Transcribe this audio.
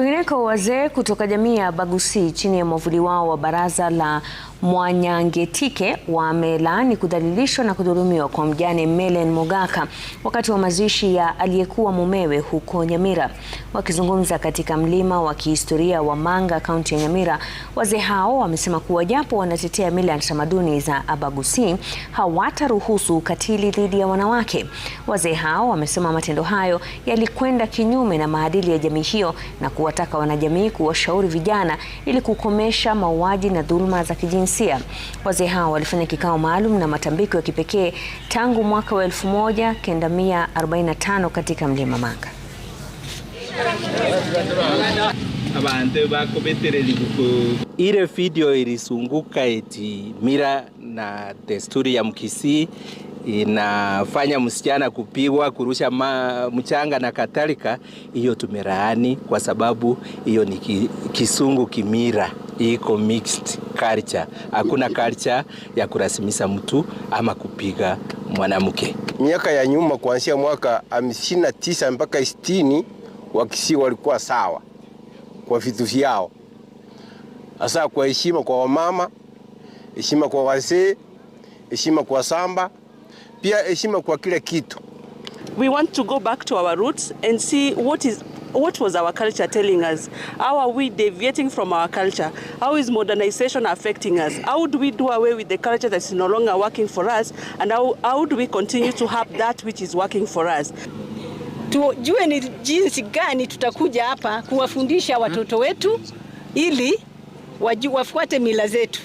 Kwingineko, wazee kutoka jamii ya Bagusi chini ya mwavuli wao wa Baraza la Mwanyangetike wamelaani kudhalilishwa na kudhulumiwa kwa mjane melen Mogaka wakati wa mazishi ya aliyekuwa mumewe huko Nyamira. Wakizungumza katika mlima wa kihistoria wa Manga, kaunti ya Nyamira, wazee hao wamesema kuwa japo wanatetea mila na tamaduni za Abagusi, hawataruhusu ukatili dhidi ya wanawake. Wazee hao wamesema matendo hayo yalikwenda kinyume na maadili ya jamii hiyo na kuwa kuwataka wanajamii kuwashauri vijana ili kukomesha mauaji na dhuluma za kijinsia. Wazee hao walifanya kikao maalum na matambiko ya kipekee tangu mwaka wa 1945 katika Mlima Manga. Ile video ilizunguka eti mira na desturi ya Mkisii inafanya msichana kupigwa, kurusha ma, mchanga na kadhalika, hiyo tumeraani kwa sababu hiyo ni ki, kisungu kimira, iko mixed culture. Hakuna culture ya kurasimisa mtu ama kupiga mwanamke. Miaka ya nyuma kuanzia mwaka 59 mpaka 60 wakisi walikuwa sawa kwa vitu vyao, hasa kwa heshima kwa wamama, heshima kwa wazee, heshima kwa samba pia heshima kwa kile kitu. We want to go back to our roots and see what is what was our culture telling us? How are we deviating from our culture? How is modernization affecting us? How do we do away with the culture that is no longer working for us? And how, how do we continue to have that which is working for us? Tujue ni jinsi gani tutakuja hapa kuwafundisha watoto wetu ili wafuate mila zetu.